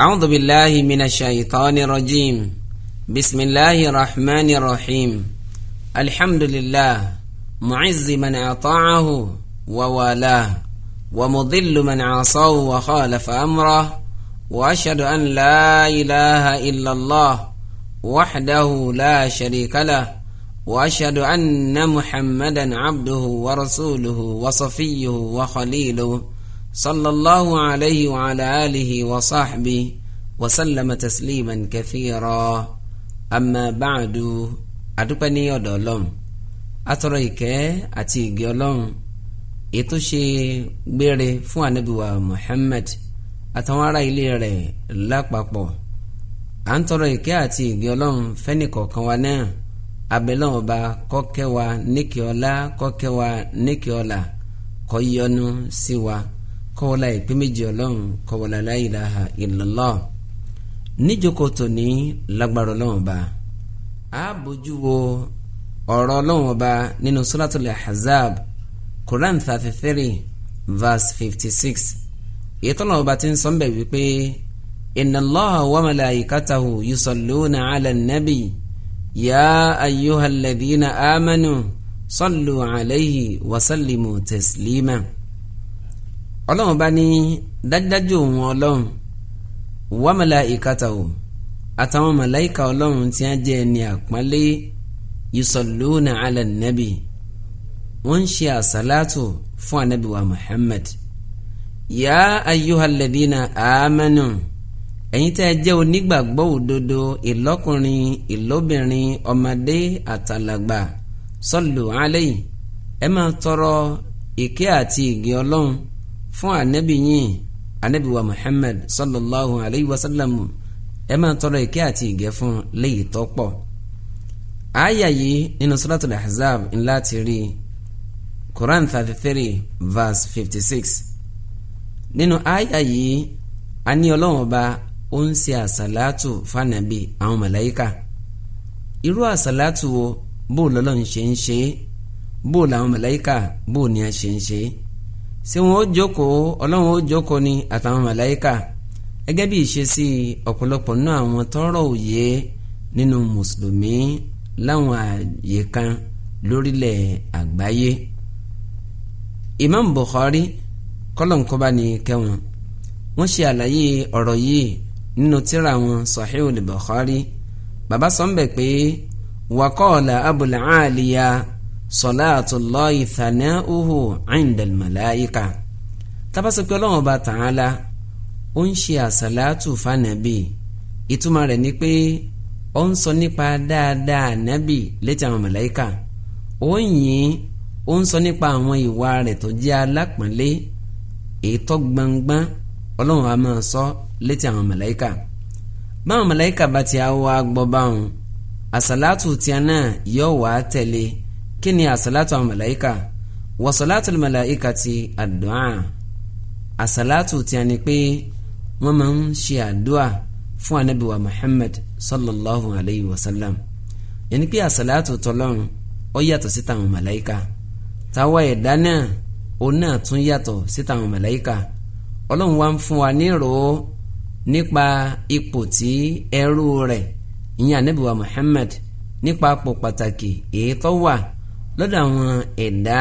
أعوذ بالله من الشيطان الرجيم بسم الله الرحمن الرحيم الحمد لله معز من أطاعه ووالاه ومضل من عصاه وخالف أمره وأشهد أن لا إله إلا الله وحده لا شريك له وأشهد أن محمدا عبده ورسوله وصفيه وخليله sallallahu alayhi wa ala alihi wa sahbihi wa sallama tasliman kathira amma ba'du adúpẹ́ ní ọ̀dọ̀ ọlọ́run atọrọ ìkẹ́ àti ìgẹ́ ọlọ́run ètò ṣe gbére fún anabiwa Muhammad àtàwọn ará ilé rẹ̀ lápapọ̀ à ń tọrọ ìkẹ́ àti ìgẹ́ ọlọ́run fẹ́ni kọ̀ọ̀kan wa náà abẹ́lẹ́wọ̀n ọba kọ́kẹ́ wa níkẹ́ ọlá kọ́kẹ́ wa níkẹ́ ọlá kó yọ́nú sí wa kọ́wọ́lá ìpè méjì ọlọ́run kọ́wọ́lá la ilaha illallah níjókòó tòní lágbára ọlọ́run ọba a bójú wo ọ̀rọ̀ ọlọ́run ọba nínú suratul ahzab quran thirty three verse fifty six èyí tọ́lọ́ ọba ti ń sọ mbẹ́ wípé inna Allaha wa malaikatahu yusalluna ala nabi ya ayyuhalladhina amanu sallu alayhi wa sallimu ọlọ́run bá ní dájúdájú òun ọlọ́run wa malaikatahu àtàwọn màláìka ọlọ́run tí wọ́n jẹ́ ẹni àpọ́nlé yusalluna ala nabi wọ́n ń ṣe àsálàtò fún anabi wa Muhammad ya ayyuhal ladina amanu ẹ̀yin tẹ́ ẹ jẹ́ onígbàgbọ́ òdodo ìlọ́kùnrin ìlóbìnrin ọmọdé àtàlàgbà sallu alayhi ẹ máa tọrọ ìkẹ́ àti ìgẹ́ ọlọ́run fún ànábì yín ànábì wa Muhammad sallallahu alayhi wa sallam ẹ máa tọrọ ìkẹ́ àti ìgẹ́ fún léyìí tó pọ̀ àyà yìí nínú suratul ahzab ńlá ti rí Quran thirty three verse fifty six nínú àyà yìí a ní ọlọ́run ọba ó ń ṣe àsàlátù fànàbí àwọn màláyíkà irú àsàlátù wo bó lọ́lọ́run ṣe ń ṣe bó làwọn màláyíkà bó ni a ṣe ń ṣe é ṣé wọn ó jókòó ọlọ́run ó jókòó ni àtàwọn màláìka gẹ́gẹ́ bí ìṣesí ọ̀pọ̀lọpọ̀ nínú àwọn tọ́rọ̀ òye nínú mùsùlùmí láwọn àyè kan lórílẹ̀ àgbáyé Imam Bukhari kọ́lọ̀nkọ́ba ni kẹwọn wọ́n ṣe àlàyé ọ̀rọ̀ yìí nínú tírà wọn Sahihul Bukhari bàbá sọ́nbẹ̀ pé wàkọ́ọ̀lá Abul Aliya salatullahi thana'uhu 'inda al-malaika tábàsípé ọlọ́run ọba ta'ala ó ń ṣe àsàlátù fànàbì ìtumọ̀ rẹ̀ ni pé ó ń sọ nípa dáadáa ànábì létí àwọn màláíkà ó ń yìn ó ń sọ nípa àwọn ìwà rẹ̀ tó jẹ́ alápọ̀nlé ètò gbangban ọlọ́run á máa sọ létí àwọn màláíkà báwọn màláíkà bá ti wá gbọ́ báwọn àsàlátù tí a náà yóò wá tẹ̀lé Kini asalatu amalaika, wasalatu amalaika wàsálàtù màláíkà ti àdúà àsálàtù tí a ní pé wọ́n máa ń ṣe àdúà fún anábìwá Muhammad sallallahu alayhi wa sallam ẹni pé àsálàtù tọlọ́run ó yàtọ̀ sí tàwọn màláíkà táwa ẹ̀dá náà òun náà tún yàtọ̀ sí tàwọn màláíkà ọlọ́run wá ń fún wa nírò nípa ipò tí ẹrú rẹ̀ ìyẹn anábìwá Muhammad nípa apò pàtàkì èyí tó wà lọ́dọ̀ àwọn ẹ̀dá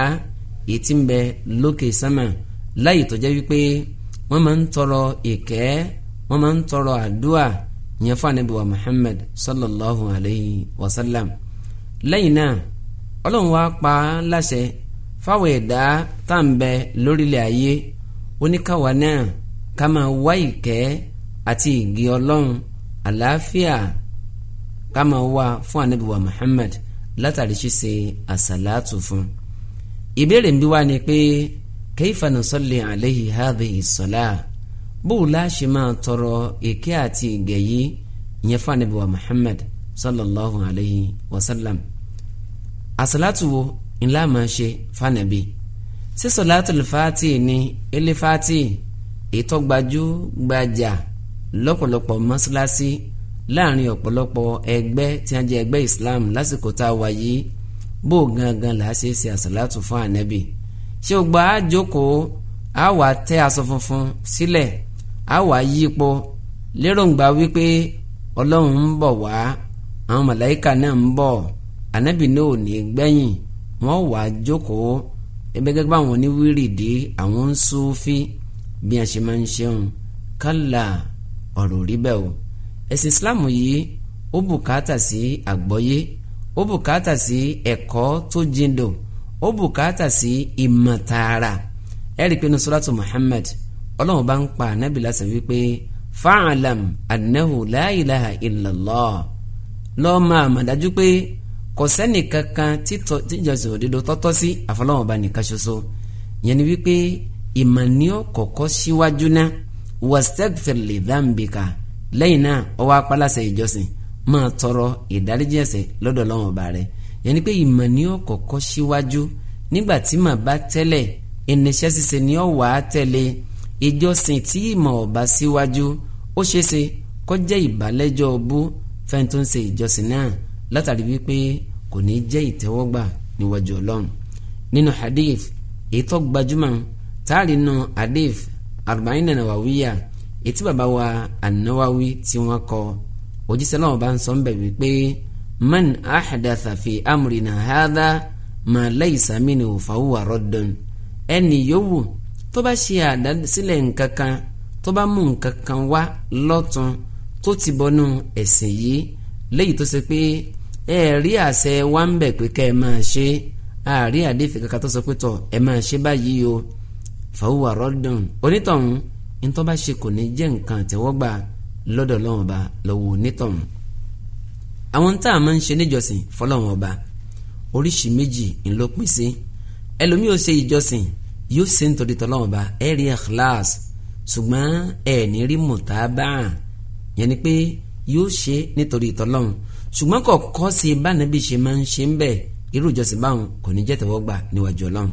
èyí tí ń bẹ lókè sámà láyè tó jẹ́ wípé wọ́n máa ń tọrọ ìkẹ́ wọ́n máa ń tọrọ àdúà yẹn fún Ànábì wa Muhammad sallallahu alayhi wa sallam lẹ́yìn náà ọlọ́run wá pa á láṣẹ fáwọn ẹ̀dá tá à ń bẹ lórílẹ̀ ayé oníkàwá náà ká máa wá ìkẹ́ àti ìgì ọlọ́run àlàáfíà ká máa wá fún Ànábì wa Muhammad látàrí ṣíṣe àsàlátù fún ìbéèrè ń bí wá ni pé kayfa nusalli alayhi hadhihi as-salah bóun láṣẹ máa tọrọ èké àti ìgẹ̀yí ìyẹn fún Ànábì wa Muhammad sallallahu alayhi wa sallam àsàlátù wo ńlá máa ṣe fún Ànábì ṣé salatul ilé fati ìtọ́gbajú gbajà lọ́pọ̀lọpọ̀ mọ́ṣáláṣí láàrin ọ̀pọ̀lọpọ̀ ẹgbẹ́ tí a jẹ́ ẹgbẹ́ Islam lásìkò tá a wà yìí bó gangan là á ṣe ṣe àṣàlátù fún ànábì ṣé o gba àjókòó a wà tẹ́ aṣọ funfun sílẹ̀ a wà yípo lérògbà wípé ọlọ́run ń bọ̀ wá àwọn màláìka náà ń bọ̀ ànábì náà ò ní gbẹ̀yìn wọ́n wà jókòó ẹgbẹ́ gẹ́gẹ́ báwọn oníwírìdì àwọn ń súfí bí a ṣe máa ń ṣeun kálá ọ̀rọ̀ rí bẹ́ẹ̀ o ẹ̀sìn islam yìí ó bùkátà sí àgbọ́yé ó bùkátà sí ẹ̀kọ́ tó jindò ó bùkátà sí ìmọ̀ tààrà ẹ̀rí pé nusuratu muhammad ọlọ́run bá ń pa ànábì lásán wípé fa'alam annahu la ilaha illallah lọ́ọ́ máa mà dájú pé kò sẹ́ni kankan tíjọsìn òdodo tọ́tọ́ sí àfọlọ́run bá nìkan ṣoṣo yẹn ni wípé ìmọ̀ ni ó kọ́kọ́ síwájú náà wastagfir li dhanbika lẹ́yìn náà ó wá pálásẹ ìjọsìn máa tọrọ ìdáríjì ẹ̀ṣẹ̀ lọ́dọ̀ Ọlọ́run Ọba rẹ̀ yẹn ni pé ìmọ̀ ni ó kọ́kọ́ síwájú nígbà tí màá bá tẹ́lẹ̀ ìníṣẹ́ ṣiṣẹ́ ni ó wà á tẹ̀lé ìjọsìn tí ìmọ̀ ọ̀bá síwájú ó ṣeéṣe kó jẹ́ ìbálẹ́jọ́ ọbú fẹ́ntó ń ṣe ìjọsìn náà látàrí wípé kò ní jẹ́ ìtẹ́wọ́gbà níwájú Ọlọ́run nínú hadith èyí tó gbajúmọ̀ táàrí hadith arba'in nawawiya ètí bàbá wa anáwáwí tí wọ́n kọ òjíṣẹ́ náà bá ń sọ ńbẹ̀ wípé man ahdatha fi amrina hadha ma laysa minhu fahuwa raddun ẹnì yòówù tó bá ṣe àdásílẹ̀ nǹkan kan tó bá mú nǹkan kan wá lọ́tun tó ti bọnú ẹ̀sìn yìí léyìí tó ṣe pé ẹ rí àṣẹ wa ń bẹ̀ pé ká ẹ máa ṣe àárí àdéfì kankan tó sọ pé tọ̀ ẹ máa ṣe báyìí o fahuwa raddun onítọ̀hún ntọ́ bá ṣe kò ní jẹ́ nǹkan àtẹ́wọ́gbà lọ́dọ̀ Ọlọ́run Ọba lọ́wọ́ onítọ̀hún àwọn tá a máa ń ṣe níjọsìn fọlọ́run Ọba oríṣi méjì ńlọ pín sí ẹlòmíì ó ṣe ìjọsìn yóò ṣe nítorí tọ́lọ́run Ọba ẹ rí ikhlas ṣùgbọ́n ẹ ní rí mùtábà yẹn ni pé yóò ṣe nítorí tọ́lọ́run ṣùgbọ́n kò kọ́ sí bánàbí ṣe máa ń ṣe ń bẹ̀ irú ìjọsìn báwọn kò ní jẹ́ tẹ́wọ́gbà níwájú Ọlọ́run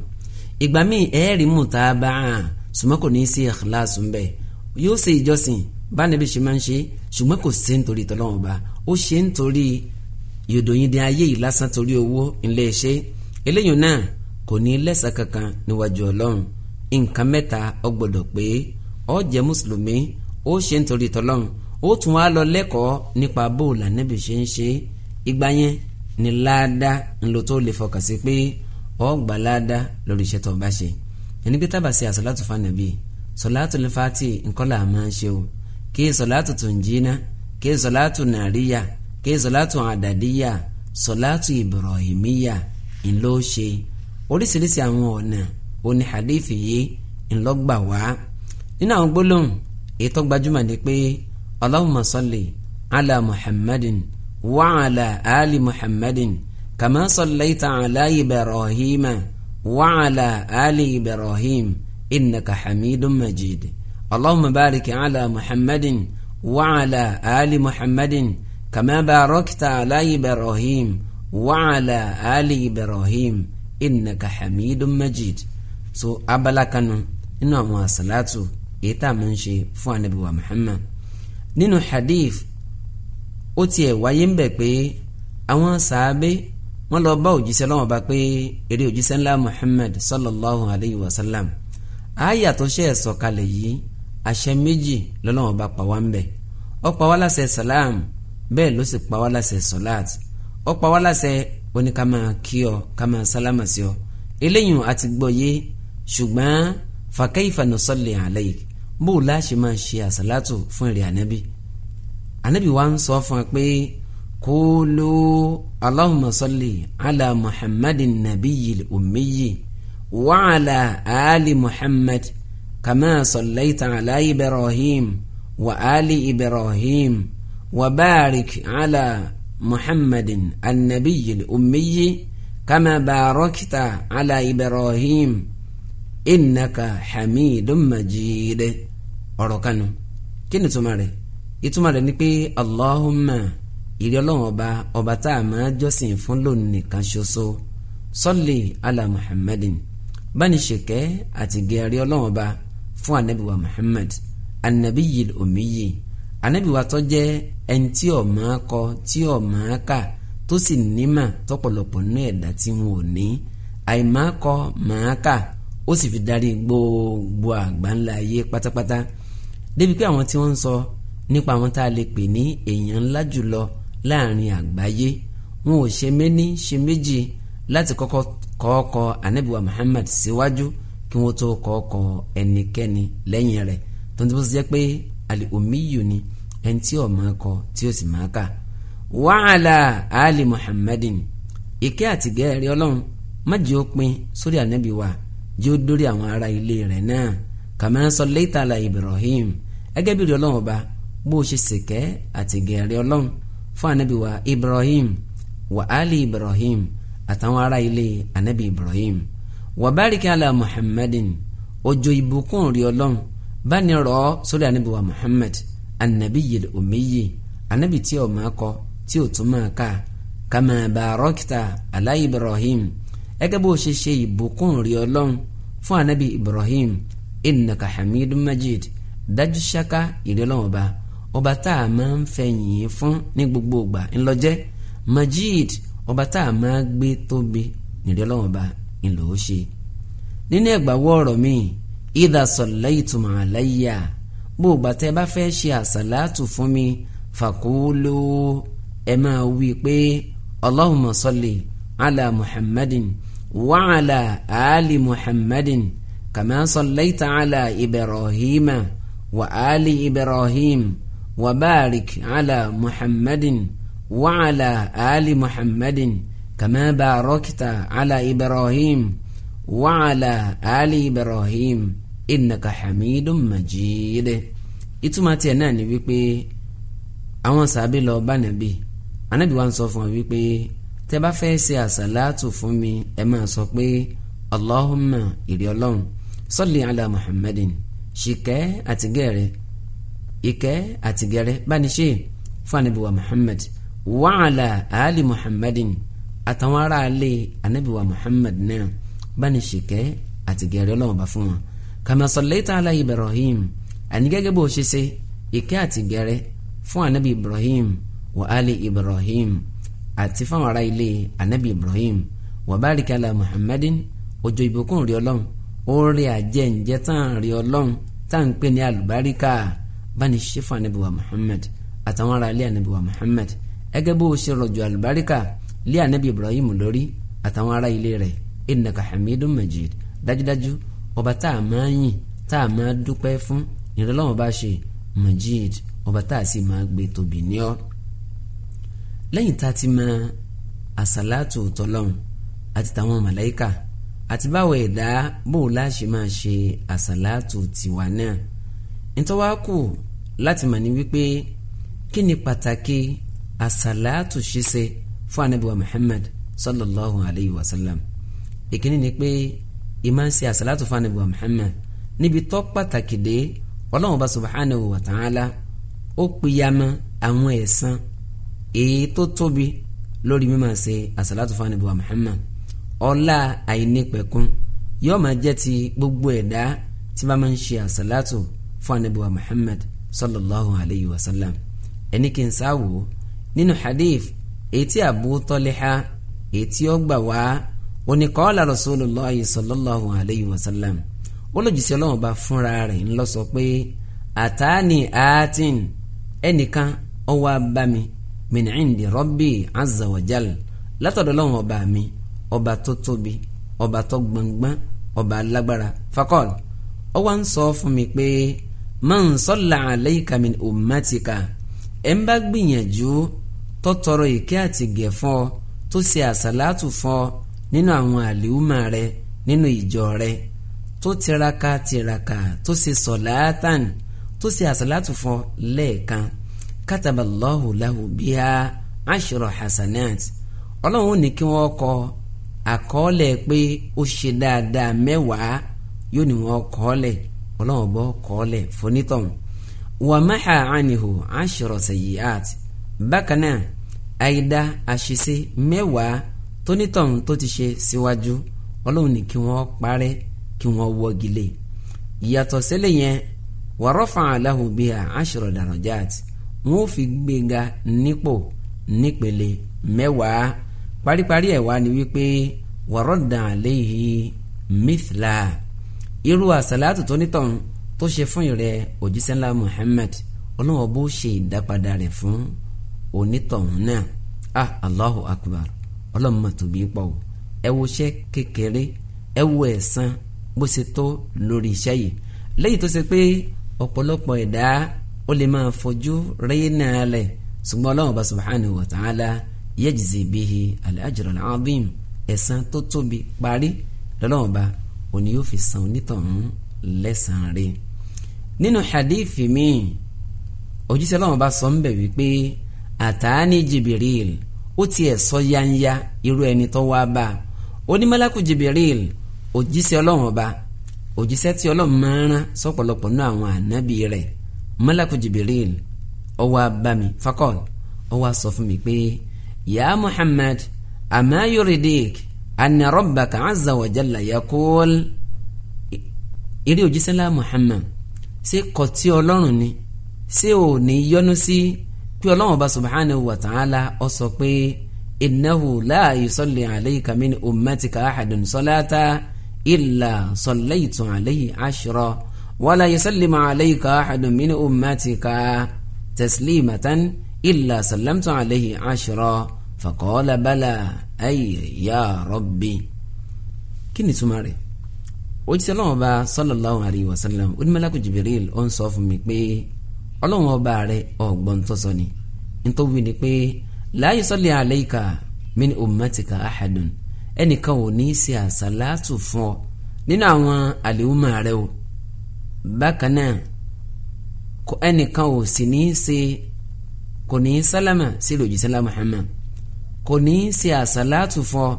ìgbà míì ẹ rí mùtábà ṣùgbọ́n kò ní í sí ìkìláàsù ńbẹ yóò ṣe ìjọsìn bá níbi ṣe máa ń ṣe ṣùgbọ́n kò ṣe nítorí tọ́lọ́run ọba ó ṣe nítorí yòdòyìndé ayé yìí lásán torí owó ńlẹ̀ ṣe eléyìí náà kò ní lẹ́sàn kankan níwájú ọlọ́run nǹkan mẹ́ta ó gbọ́dọ̀ pé ó jẹ́ mùsùlùmí ó ṣe nítorí tọ́lọ́run ó tún wá lọ lẹ́kọ̀ọ́ nípa bóòlù ànábì ṣe ń ṣe ìgbà yẹn ni láàdá ńlọ tó lè fọkàn sí pé ó gbà láàdá lórí iṣẹ́ tó bá ṣe ẹni pé tábà ṣe àsọlátù fanabi sọlátù lifati nkọlà máa ń ṣe o kí sọlátù tunjina kí sọlátù nàríyà kí sọlátù àdàdíyà sọlátù ibrahimiya ńlọ ṣe oríṣiríṣi àwọn ọ̀nà oní hadithi yìí ńlọgbà wá nínú àwọn gbólóhùn ètò gbajúmọ̀ ni pé Allahumma salli ala muhammadin wa ala ali muhammadin kama sallaita ala ibrahima. وعلى آل إبراهيم إنك حميد مجيد اللهم بارك على محمد وعلى آل محمد كما باركت على إبراهيم وعلى آل إبراهيم إنك حميد مجيد so abala kanu nínú àwọn àsàlátù èyí tá a máa ń ṣe fún anabi wa Muhammad nínú hadith ó tiẹ̀ wáyé ń bẹ̀ wọ́n lọ bá òjíṣẹ́ lọ́wọ́ bá pé eré òjíṣẹ́ ńlá Muhammad sallallahu alayhi wa sallam àáyà tó ṣe ẹ̀sọ̀ kalẹ̀ yìí àṣẹ méjì lọ́lọ́wọ́ bá pa wá ń bẹ̀ ó pa wá láṣẹ salam bẹ́ẹ̀ ló sì pa wá láṣẹ sọ̀láàt ó pa wá láṣẹ oníkàmá kí ọ kàmá sálámà sí ọ eléyìí àti gbọ́ yé ṣùgbọ́n fàkẹ́yìfà nù sọ́lẹ̀ àlẹ́yìí bó o láṣẹ máa ṣe àṣàlátù fún ìrìn ànábì ànábì wa ń sọ fún wa pé kúlù allahumma salli ala muhammadin nabiyil ummiyi wa ala ali muhammad kama sallaita ala ibrahim wa ali ibrahim wa barik ala muhammadin annabiyil ummiyi kama barakta ala ibrahim innaka hamidun majid ọ̀rọ̀ kanu kí ni ni pé allahumma ìrí ọlọ́run ọba ọba tá a máa jọ́sìn fún lónìí nìkan ṣoṣo sọ́lì ala muhammadin báni ṣèkẹ́ àti gẹ̀ẹ́rí ọlọ́run ọba fún anabiwa muhammad anabiyi omiyi anabiwa tó jẹ́ ẹni tí ò máa kọ tí ò máa kà tó sì nímà tọ́pọ̀lọpọ̀ ní ẹ̀dá tí wọn ò ní àìmáa kọ máa kà ó sì fi darí gbogbo àgbáńlá ayé pátápátá débi pé àwọn tí wọ́n ń sọ nípa àwọn tá a lè pè ní èèyàn ńlá jùlọ láàrin àgbáyé wọn ò ṣe méní ṣe méjì láti kọ́kọ́ kọ́ọ̀kọ́ anabiwa Muhammad síwájú kí wọ́n tó kọ́ọ̀kọ́ ẹnikẹ́ni lẹ́yìn rẹ̀ tó ń tó ṣe jẹ́ pé àlè omiyu ni ẹni tí ó kọ tí ó sì máa kà wàhálà ali Muhammadin ìkẹ́ àti gẹ́rẹ́ ọlọ́run má jẹ́ ó pin sórí ànábìwà jẹ́ ó dórí àwọn ará ilé rẹ̀ náà kàmá sallaita ala Ibrahim ẹgẹ́ bí rí ọlọ́run ọba bó o ṣe ṣèkẹ́ àti gẹ́rẹ́ ọlọ́run fún anabi wa ibrahim wa ali ibrahim àtàwọn ará ilé anabi ibrahim wa barik ala muhammadin òjò ìbùkún rí ọlọ́run bá ní rọ̀ ọ́ sórí anabi wa muhammad anabi yìí omiyi anabi tí ó máa kọ tí ó tún máa kà kama barakta ala ibrahim ẹgẹ́ bó ṣe ṣe ìbùkún rí ọlọ́run fún anabi ibrahim innaka hamidun majid dájú ṣáká ìrẹ́lọ́wọ́ba ọba tá a máa ń fẹ̀yìn fún ní gbogbo ìgbà ńlọjẹ́ Majid ọba tá a máa gbé tóbi nìdí ọlọ́run ọba ńlọ ó ṣe. nínú ẹ̀gbàwọ́ ọ̀rọ̀ mi ìdá sọ̀lẹ́ ìtumọ̀ àlàyé gbogbo tẹ́ bá fẹ́ ṣe àsàlátù fún mi fàkúlò ẹ máa wí pé Allahumma salli ala Muhammadin wa ala ali Muhammadin kama sallaita ala Ibrahima wa ali Ibrahim. وبارك على محمد وعلى آل محمد كما باركت على إبراهيم وعلى آل إبراهيم إنك حميد مجيد ìtumọ̀ tiẹ̀ náà ni wípé àwọn sàbí lọ bá nàbí anábì wa ń sọ fún ọ wípé tẹ bá fẹ́ ṣe àṣàlátù fún mi ẹ máa sọ pé Allahumma ìrì ọlọ́run sọ́lì ala Muhammadin ṣìkẹ́ àtìgẹ́ rẹ̀ ìkẹ́ àtìgẹrẹ bániṣe fún anabiwa muhammad wàhálà ali muhammadin àtàwọn aráalé anabiwa muhammad náà bániṣe kẹ́ àtìgẹrẹ ọlọ́wọ́n bá fún wọn kama sallaita ala ibrahim àní gẹ́gẹ́ bó ṣe ṣe ìkẹ́ àtìgẹrẹ fún anabi ibrahim wa ali ibrahim àti fáwọn ará ilé anabi ibrahim wa barika ala muhammadin òjò ìbùkún rí ọlọ́run ó rí àjẹǹjẹ tán rí ọlọ́run tá à ń pè ní àlùbáríkà bá ní ṣe fún anabi wa muhammad àtàwọn ará ilé anabi wa muhammad ẹgẹ bó o ṣe rọ̀jò àlùbáríkà lé anabi ibrahim lórí àtàwọn ará ilé rẹ̀ innaka hamidun majid dájúdájú ọba tá a máa yìn tá a máa dúpẹ́ fún ìrọlọ́wọ́n bá ṣe majid ọba tá a sì máa gbé tóbi ní ọ. lẹ́yìn tá a ti máa àsàlátù tọ́lọ́hún àti tàwọn màláíkà àti báwo ẹ̀dá bò láṣẹ máa ṣe àsàlátù tiwa náà ntọ́wá kù láti mọ̀ ní wípé kí ni pàtàkì àsàlátù ṣíṣe fún anabiwa Muhammad sallallahu alayhi wa sallam ìkíní ni pé ìmá ń fún anabiwa Muhammad níbi tó pàtàkì dé ọlọ́run bá subhanahu wa ta'ala ó pìyàmọ́ àwọn ẹ̀san èyí tó tóbi lórí mímọ ṣe àsàlátù fún anabiwa Muhammad ọlá àìnípẹ̀kun yóò máa jẹ́ ti gbogbo ẹ̀dá tí bá máa ń ṣe àsàlátù fún anabiwa Muhammad sallallahu alayhi wa sallam ẹni kì í sáwò nínú hadith etí Abu Taliha etí ọgbà wá oníkọ́ọ́lá rasulullah sallallahu alayhi wa sallam olójúṣe ọlọ́run bá fúnra rẹ̀ ńlọ sọ pé àtàní àátìn ẹnìkan ó wá bá mi min indi rabbi azza wa jal látọ̀dọ̀ ọlọ́run ọba mi ọba tó tóbi ọba tó gbọ̀ngbọ̀n ọba alágbára fakọ́l ó wá ń sọ fún mi pé man salla alayka min ummatika ẹ̀ ń bá gbìyànjú tó tọrọ ìkẹ́ àti gẹ̀ fún ọ tó ṣe àsàlátù fún ọ nínú àwọn àlìhùmà rẹ nínú ìjọ rẹ tó tiraka tiraka tó ṣe sọ̀láátàn tó ṣe àsàlátù fún lẹ́ẹ̀kan kataballahu lahu biha ashra hasanat ọlọ́run ò ní kí wọ́n kọ àkọọ́lẹ̀ pé ó ṣe dáadáa mẹ́wàá yóò ní wọ́n kọ́ọ́lẹ̀ ọlọ́run bọ́ kọ́ọ́lẹ̀ fonítọ̀hún wà máha ànihò aṣọrọ sẹ̀yì art bákan náà àìdá àṣìṣe mẹ́wàá tónítọ̀hún tó ti ṣe síwájú ọlọ́run ní kí wọ́n parẹ́ kí wọ́n wọ́gi lé ìyàtọ̀ sílẹ̀ yẹn wàrọ́fà aláhùn bíi aṣọrọ dàrọ̀jà àti wọn fi gbéga nípò nípele mẹ́wàá paríparí ẹ̀ wá ni wípé wàrọ̀dà àléyìí mithla irú àsàlátù tó nítọ̀hún tó ṣe fún ìrẹ òjíṣẹ́ ńlá Muhammad ọlọ́wọ́ bó ṣe ìdápadà rẹ̀ fún onítọ̀hún náà ah Allahu Akbar ọlọ́mọ tóbi pọ̀ o ẹ wo iṣẹ́ kékeré ẹ wo ẹ̀san bó ṣe tó lórí iṣẹ́ yìí lẹ́yìn tó ṣe pé ọ̀pọ̀lọpọ̀ ẹ̀dá ó lè máa fojú rẹ́yìnà alẹ̀ ṣùgbọ́n ọlọ́run ọba subhanahu wa ta'ala yajzi bihi al-ajra al-azim ẹ̀san tó tóbi parí lọ́lọ́run ọba òní yóò fi san onítọ̀hún lẹ́sàn-án rẹ̀ nínú hadithi mi òjíṣẹ́ ọlọ́run bá sọ ń bẹ̀ wípé àtàání jibiril ó tiẹ̀ sọ yanya irú ẹni tó wá bá ó ní mọ́lákù jibiril òjíṣẹ́ ọlọ́run ọba òjíṣẹ́ tí ọlọ́run máa ń rán sọ́pọ̀lọpọ̀ náà àwọn ànábì rẹ̀ mọ́lákù jibiril ó wá bá mi fakọ́l ó sọ fún mi pé ya Muhammad ama yuridik anna rabbaka azza wa jalla yaqul eré òjísẹ́lá muhammad ṣé kọtí ọlọ́run ni ṣé ò ní yọnu sí pé ọlọ́run ọba subhanahu wa ta'ala ọ sọ pé innahu la yusalli alayka min ummatika ahadun salata illa sallaytu alayhi ashra wala yusallimu alayka ahadun min ummatika taslimatan illa sallamtu alayhi ashra fàkọ́ọ́lá bálà ayé ya rọ́bì kí ni túmọ̀ rẹ̀ òjíṣẹ́ ọlọ́run ọba sallallahu alayhi wa sallam onímọ̀láku Jibril ó ń sọ fún mi pé ọlọ́run ọba rẹ̀ ọ̀gbọ́n tó sọ ni nítorí ni pé la yusalli alayka min ummatika ahadun ẹnìkan ò ní í ṣe àṣàlátù fún ọ nínú àwọn àlèhùnmọ̀ rẹ o bákan náà ẹnìkan ò sì ní í ṣe kò ní í sálámà sí lòjíṣẹ́ lá Muhammad kò ní í ṣe àsálàtù fún ọ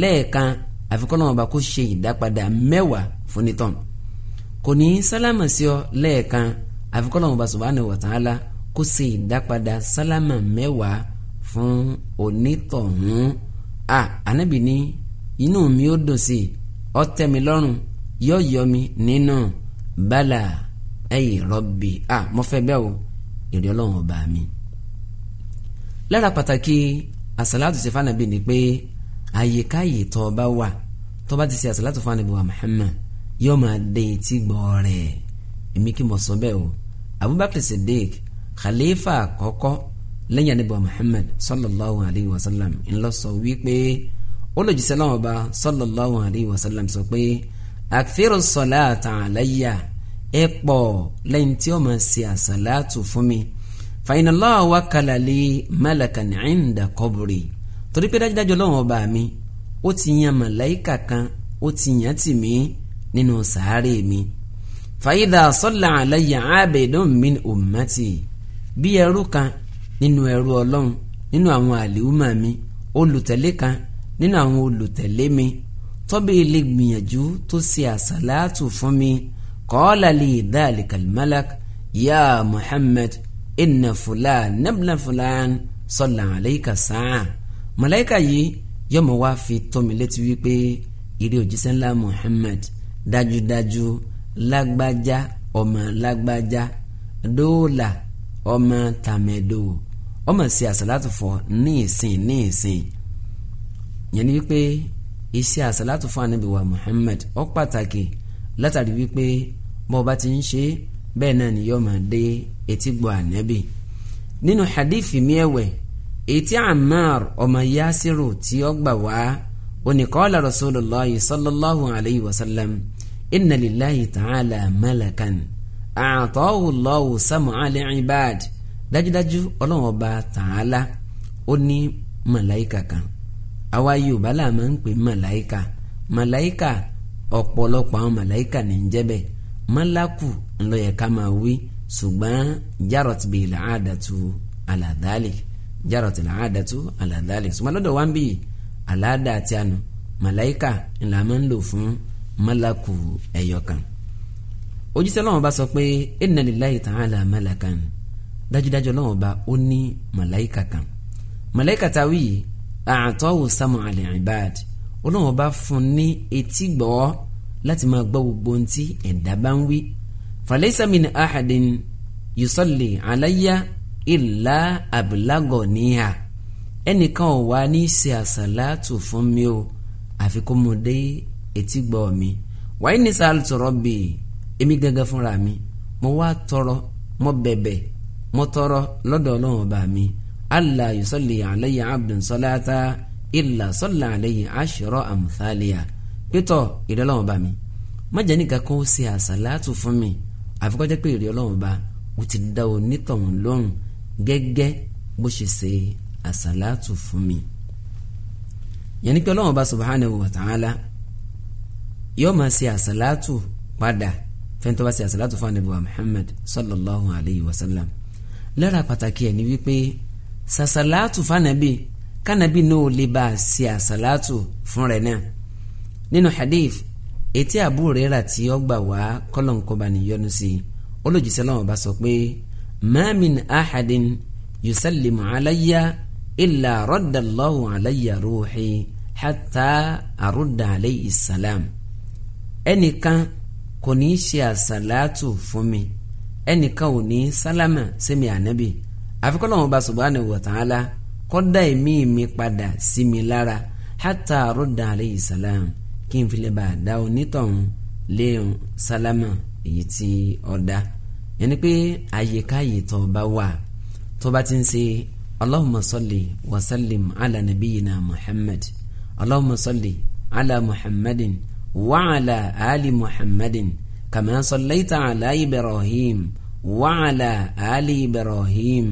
lẹ́ẹ̀kan àfikún ọba kó ṣe ìdápadà mẹ́wàá fún nítàn kò ní í sálámà sí ọ lẹ́ẹ̀kan àfikún ọba subhanahu wa ta'ala kó ṣe ìdápadà sálámà mẹ́wàá fún onítọ̀hún a ànábì ní inú mi ó dùn sí ọ tẹ́ lọ́rùn yọ yọ mi nínú bala ẹ̀yìn rọ́bì a mo fẹ́ bẹ́ẹ̀ o èrè ọba mi lára pàtàkì asalaatu ṣe fún anabi ni pé àyíká yìí tó bá wà tó bá ti ṣe asalaatu fún anabi wa Muhammad yóò máa dé etí gbọ́ rẹ̀ èmi kí mo sọ bẹ́ẹ̀ o Abubakar Siddiq khalifa àkọ́kọ́ lẹ́yìn anabi wa Muhammad sallallahu alayhi wa sallam ńlọ wípé olùjíṣẹ́ náà ọba sallallahu alayhi wa sallam sọ pé àkfẹ́rù sọ̀lá àtàn àlàyé ẹ̀ pọ̀ lẹ́yìn tí ó máa ṣe asalaatu fún mi fàyínà lọ́wọ́ kàlàlẹ́ mẹ́lẹ̀kàn ẹ̀ńdà kọ́bùrì torí pé dájúdájú ọlọ́run ọba mi ó ti yan màláìkà kan ó ti yàn tì mí nínú sàárè mi fàyídà sọ́là àlàyé àbẹ̀dọ́ mi ummati bí ẹrú kan nínú ẹrú ọlọ́run nínú àwọn àlìhùmà mi olùtẹ̀lé kan nínú àwọn olùtẹ̀lé mi tọ́bí ilé gbìyànjú tó ṣe àṣàlátù fún mi kọ́ọ́lá lè dá àlìkàlmálàk yá Muhammad inna fulan nabla fulan sọlá alayka sáà màláìka yìí yọmọ wá fi tómi létí wípé ìrì òjíṣẹ́ ńlá Muhammad dájúdájú lágbájá ọmọ lágbájá dóòlà ọmọ tàmẹ̀dò ọmọ sí àsàlátù fọ ní ìsìn ní ìsìn yẹn ni wípé iṣẹ́ àsàlátù fọ ànábì wa Muhammad ó pàtàkì látàrí wípé bọ́ọ̀ bá ti ń ṣe é bẹ́ẹ̀ náà ni yóò máa dé etígbọ̀ ànábì nínú hadith mi ẹ̀wẹ̀ ètí Ammar ọmọ Yasiru tí ó gbà wá oníkọ́lá Rasulullah sallallahu alayhi wa sallam inna lillahi ta'ala malakan a'tahu Allahu sam'a li'ibad dájúdájú ọlọ́run ọba ta'ala ó ní màláìka kan àwa Yorùbá là máa ń pè màláìka màláìka ọ̀pọ̀lọpọ̀ àwọn màláìka ní ń jẹ́ bẹ́ẹ̀ malaku ńlọyẹ ká máa wí ṣùgbọ́n jarot bíi làádàtú aladalik jarot làádàtú aladalik ṣùgbọ́n lọ́dọ̀ wá ń bì aláàdá àti àná màláìka ńlá máa ń lò fún malaku ẹ̀yọkan ojúṣe lọ́wọ́ bá sọ pé inna lillahi ta'ala malakan dájúdájú lọ́wọ́ bá ó ní màláìka kan màláìka táwí yìí àtọ́wò samu alẹ́ ibad ọlọ́wọ́ bá fún ní etí gbọ́ọ́ láti máa gbọ́ gbogbo ohun tí ẹ̀dá bá ń wí. falaysa min ahadin yusalli alayya illa ablago niha ẹnìkan ò wá ní ṣe àsàlátù fún mi o àfi kó mo dé etí gbọ́ mi wàá ní sàlùtù rọ́bì èmi gángan fúnra mi mo wá tọrọ mo bẹ̀bẹ̀ mo tọrọ lọ́dọ̀ ọlọ́run ọba mi allah yusalli alayya abdun salata illa salla alayhi ashra amthaliya pétọ̀ ìrẹ́ ọlọ́run bá mi má jẹ́ nìkan kó ṣe àsàlátù fún mi àfi kó jẹ́ pé ìrẹ́ ọlọ́run bá o ti dá o nítọ̀hún lóhùn gẹ́gẹ́ bó ṣe ṣe àsàlátù fún mi. yẹn pé ọlọ́run bá subhanahu wa ta'ala yóò máa ṣe àsàlátù padà fẹ́ntọ́ bá ṣe àsàlátù fún anabi wa Muhammad sallallahu alayhi wa sallam lára pàtàkì ẹ̀ ni wípé sàsàlátù fún anabi kánabi náà lè bá ṣe àsàlátù fún rẹ̀ náà nínú hadith etí Abu Hurairah tí ó gbà wá kọ́lọ̀nkọ́ba níyọnu sí olójúṣe lọ́wọ́ bá sọ pé ma min ahadin yusallimu alayya illa raddallahu alayya ruhi hatta arudda alayhi salam ẹnìkan kò ní í ṣe àsàlátù fún mi ẹnìkan ò ní sálámà sẹ́mi ànábì àfikọ́lọ́wọ́n bá subhanahu wa ta'ala kọ́dá ẹ̀mí mi padà sí mi lára hatta arudda alayhi salam kí n fi lè bá a dá onítọ̀hún léhùn sálámà èyí tí ọ dá yẹn ni pé àyèkáyè tó bá wà tó bá ti ń ṣe allahumma salli wa sallim ala nabiyina muhammad allahumma salli ala muhammadin wa ala ali muhammadin kama sallaita ala ibrahim wa ala ali ibrahim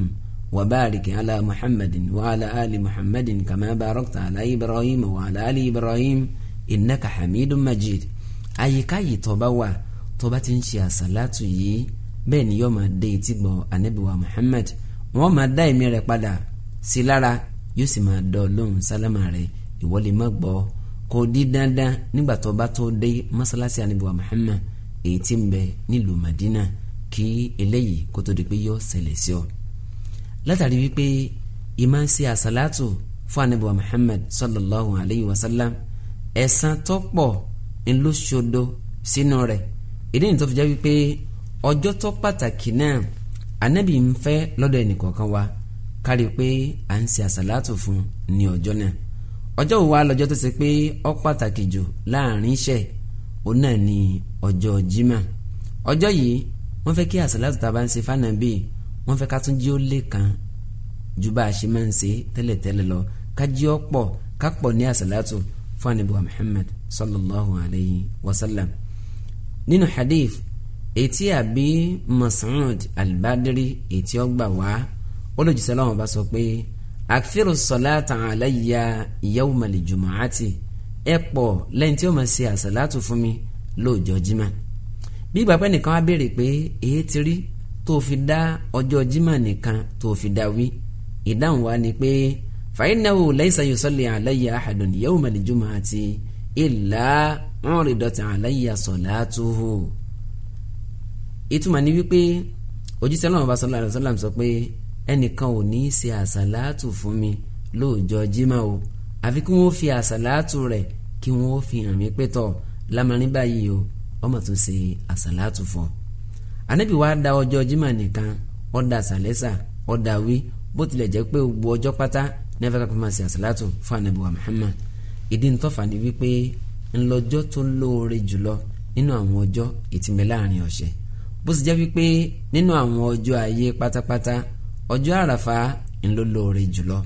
wa barik ala muhammadin wa ala ali muhammadin kama barakta ala ibrahim wa ali ibrahim. Wa ala ali ibrahim innaka hamidun majid àyíká yìí tọ́ba wà tọ́ba ti ń ṣe àsàlátù yìí bẹ́ẹ̀ ni yóò máa dé etí gbọ́ anabiwa Muhammad wọ́n máa dá ẹ̀mí rẹ̀ padà sí lára yóò sì máa dọ̀ lóhùn sálámà rẹ̀ ìwọ lè má gbọ́ kò di dandan nígbà tó bá tó dé mọ́sálásí anabiwa Muhammad èyí tí ń bẹ nílùú Madina kí eléyìí kó tó di pé yóò ṣẹlẹ̀ sí ọ. látàrí wípé ìmáa ń ṣe àsàlátù fún anabiwa Muhammad sallallahu alayhi wa sallam ẹ̀san tó pọ̀ ńlọ ṣodo sínú rẹ̀ èdè ní tó fi jẹ́ wípé ọjọ́ tó pàtàkì náà anábì ń fẹ́ lọ́dọ̀ ẹnìkọ̀ọ̀kan wa kárí pé à ń ṣe àṣàlátù fún ní ọjọ́ náà ọjọ́ wo wá lọ́jọ́ tó ṣe pé ó pàtàkì jù láàrin iṣẹ́ òun náà ni ọjọ́ jimá ọjọ́ yìí wọ́n fẹ́ kí àṣàlátù tá a bá ń ṣe fánàbì wọ́n fẹ́ ká tún jí ó lè kan ju bá a ṣe máa ń ṣe tẹ́lẹ̀tẹ́lẹ̀ lọ ká jí ó pọ̀ ká pọ̀ ní àṣàlátù fún anabi wa muhammad sallallahu alayhi wa sallam nínú hadith etí àbí mas'ud al-badri etí ọgbà wá olùjíṣẹ́ lọ́wọ́ bá sọ pé akfiru salata alayya yawma al-jumu'ati ẹ pọ̀ lẹ́yìn tí ó máa ṣe àṣàlátù fún mi lóòjọ́ jimá bí bàbá nìkan á béèrè pé èyí ti rí tó fi dá ọjọ́ jimá nìkan tó fi dá wí ìdáhùn wa ni pé fàyínàwó laysa yusalli alayya ahadun yawmal jumu'ati illa uridat alayya salatuhu. ìtumọ̀ ni wípé òjíṣẹ́ náà bá sallallahu alaihi wasallam sọ pé ẹnìkan ò ní í ṣe àsàlátù fún mi lóòjọ́ jimá o àfi kí wọ́n fi àsàlátù rẹ̀ kí wọ́n fi hàn mí pé tọ̀ lámarin báyìí o ọmọ tó ṣe àsàlátù fún ọ. ànábì wa da ọjọ́ jimá nìkan ó sàlẹ́sà ó wí bó tilẹ̀ jẹ́ pé gbogbo ọjọ́ pátá ní afẹ́ kápẹ́ máa ṣe àṣàlátù fún anabi Muhammad ìdí ntọ́fà ni wípé ńlọjọ́ tó lóore jùlọ nínú àwọn ọjọ́ ìtìmẹ́ láàrin ọ̀sẹ̀ bó ti jẹ́ wípé nínú àwọn ọjọ́ ayé pátápátá ọjọ́ àràfà ńlọ lóore jùlọ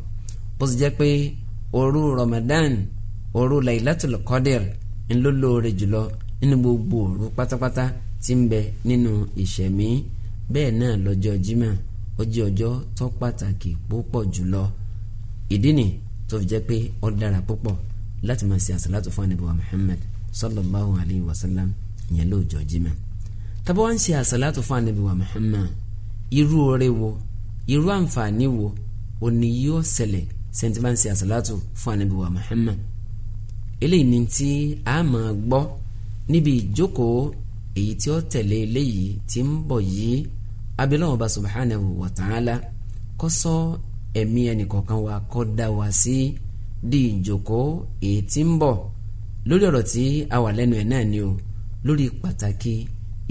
bó ti jẹ́ pé òru Ramadan oru Lailatul Qadr ńlọ lóore jùlọ nínú gbogbo òru pátápátá tí ń bẹ nínú ìṣẹ̀mí bẹ́ẹ̀ náà lọ́jọ́ Jímọ̀ ó jẹ́ ọjọ́ tó pàtàkì púpọ̀ jùlọ ìdí ni tó fi jẹ́ pé ó dára púpọ̀ láti máa ṣe àṣàlátù fún ànábì wa Muhammad sallallahu alayhi wa sallam ìyẹn lóòjọ́ jimá tàbí wọ́n ń ṣe àṣàlátù fún ànábì wa Muhammad irú oore wo irú àǹfààní wo òní yóò ṣẹlẹ̀ sẹ́ńtì máa ń ṣe àṣàlátù fún ànábì wa eléyìí ni tí a máa gbọ́ níbi ìjókòó èyí tí ó tẹ̀lé eléyìí tí ń bọ̀ yìí abilọ́wọ̀n bá wa ta'ala kọ́sọ́ ẹ̀mí ẹnìkọ̀ọ̀kan wa kọ́ dá wa sí di ìjòkó èyí tí ń bọ̀ lórí ọ̀rọ̀ tí a wà lẹ́nu ẹ̀ náà ni o lórí pàtàkì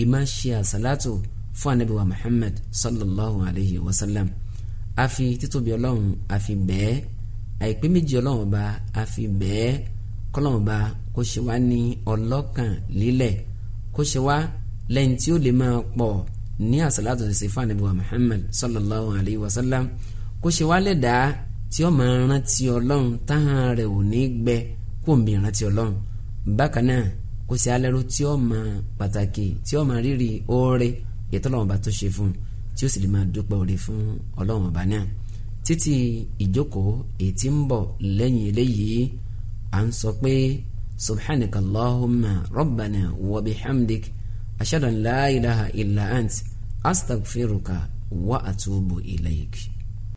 ìmáṣe àsálàtò fún Ànábì wa Muhammad sallallahu alayhi wa sallam a fi títóbi ọlọ́run a fi bẹ́ẹ̀ àìpé méjì ọlọ́run ọba a fi bẹ́ẹ̀ kọ́lọ́run ọba kó ṣe wá ní ọlọ́kàn lílẹ̀ kó ṣe wá lẹ́yìn tí ó lè máa pọ̀ ní àsálàtò ṣe fún Ànábì wa Muhammad sallallahu alayhi wa sallam kó ṣe wálẹ̀ dá tí ó máa rántí ọlọ́run táhàn rẹ̀ ò ní gbẹ kó ń bí rántí ọlọ́run bákan náà kó ṣe alẹ́rú tí ó máa pàtàkì tí ó máa rírì oore ìtọ́lọ́wọ́n bá tó ṣe fún un tí ó sì lè máa dúpẹ́ oore fún ọlọ́run ọba náà títí ìjókòó ètí ń bọ̀ lẹ́yìn eléyìí à ń sọ pé subhanaka allahumma rabbana wa bihamdik ashhadu an la ilaha illa ant astaghfiruka wa atubu ilayk.